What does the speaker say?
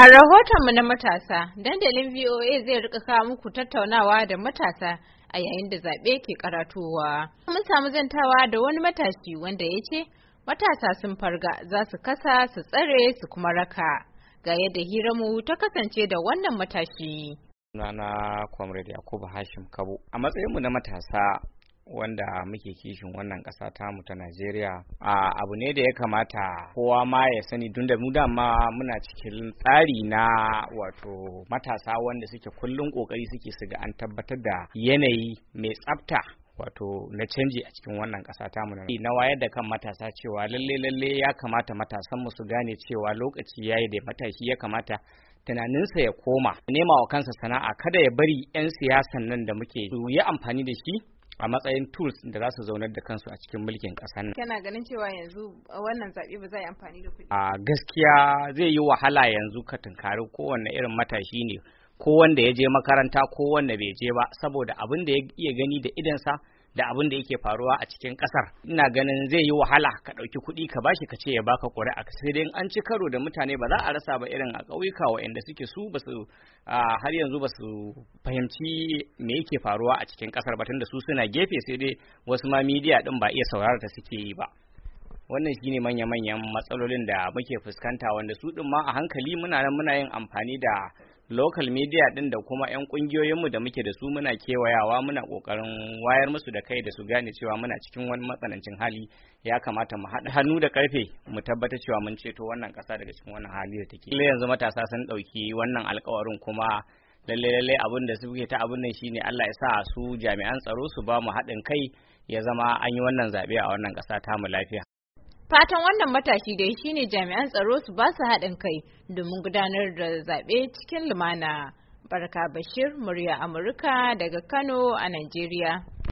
A rahotonmu na matasa, dandalin VOA zai rika kawo muku tattaunawa da matasa a yayin da zaɓe ke karatowa. Mun samu zantawa da wani matashi wanda ya ce, matasa sun farga za su kasa su tsare su kuma raka. Ga yadda hiramu ta kasance da wannan matashi. Sunana Comrade Yakubu Hashim Kabo. A matsayinmu na matasa, wanda muke kishin wannan ƙasa tamu ta Najeriya abu ne da ya kamata kowa ma ya sani tun da mu dama muna cikin tsari na wato matasa wanda suke kullum kokari suke su ga an tabbatar da yanayi mai tsafta wato na canji a cikin wannan ƙasa ta mu na wayar da kan matasa cewa lalle lalle ya kamata matasan mu su gane cewa lokaci yayi da matashi ya kamata tunaninsa ya koma nema wa kansa sana'a kada ya bari 'yan siyasan nan da muke yi amfani da shi a matsayin tools da za su zaunar da kansu a cikin mulkin ƙasar nan. Kana ganin cewa yanzu uh, wannan zaɓe ba za yi amfani da kuɗi? A gaskiya zai yi wahala yanzu ka tunkari kowanne irin matashi ne ko wanda ya je makaranta ko wanda bai je ba saboda abin da ya iya gani da idansa da abin da yake faruwa a cikin kasar ina ganin zai yi wahala ka ɗauki kuɗi ka bashi ka ce ya baka ƙuri'a sai dai an ci karo da mutane ba za a rasa ba irin a ƙauyuka waɗanda suke su ba su har yanzu ba su fahimci me yake faruwa a cikin kasar ba tunda su suna gefe sai dai wasu ma midiya din ba iya saurara ta suke yi ba wannan shine manya-manyan matsalolin da muke fuskanta wanda su ɗin ma a hankali muna nan muna yin amfani da local media din da kuma 'yan kungiyoyinmu da muke da su muna kewayawa muna kokarin wayar musu da kai da su gane cewa muna cikin wani matsanancin hali ya kamata mu haɗa hannu da karfe mu tabbata cewa mun ceto wannan ƙasa daga cikin wannan hali da take lalle yanzu matasa sun ɗauki wannan alkawarin kuma lalle lalle abin da suke ta abin nan shine Allah ya sa su jami'an tsaro su ba mu haɗin kai ya zama an yi wannan zaɓe a wannan ƙasa mu lafiya Fatan wannan matashi dai shine jami'an tsaro su ba su haɗin kai domin gudanar da zaɓe cikin lumana. Barka Bashir, murya Amurka daga Kano a Najeriya.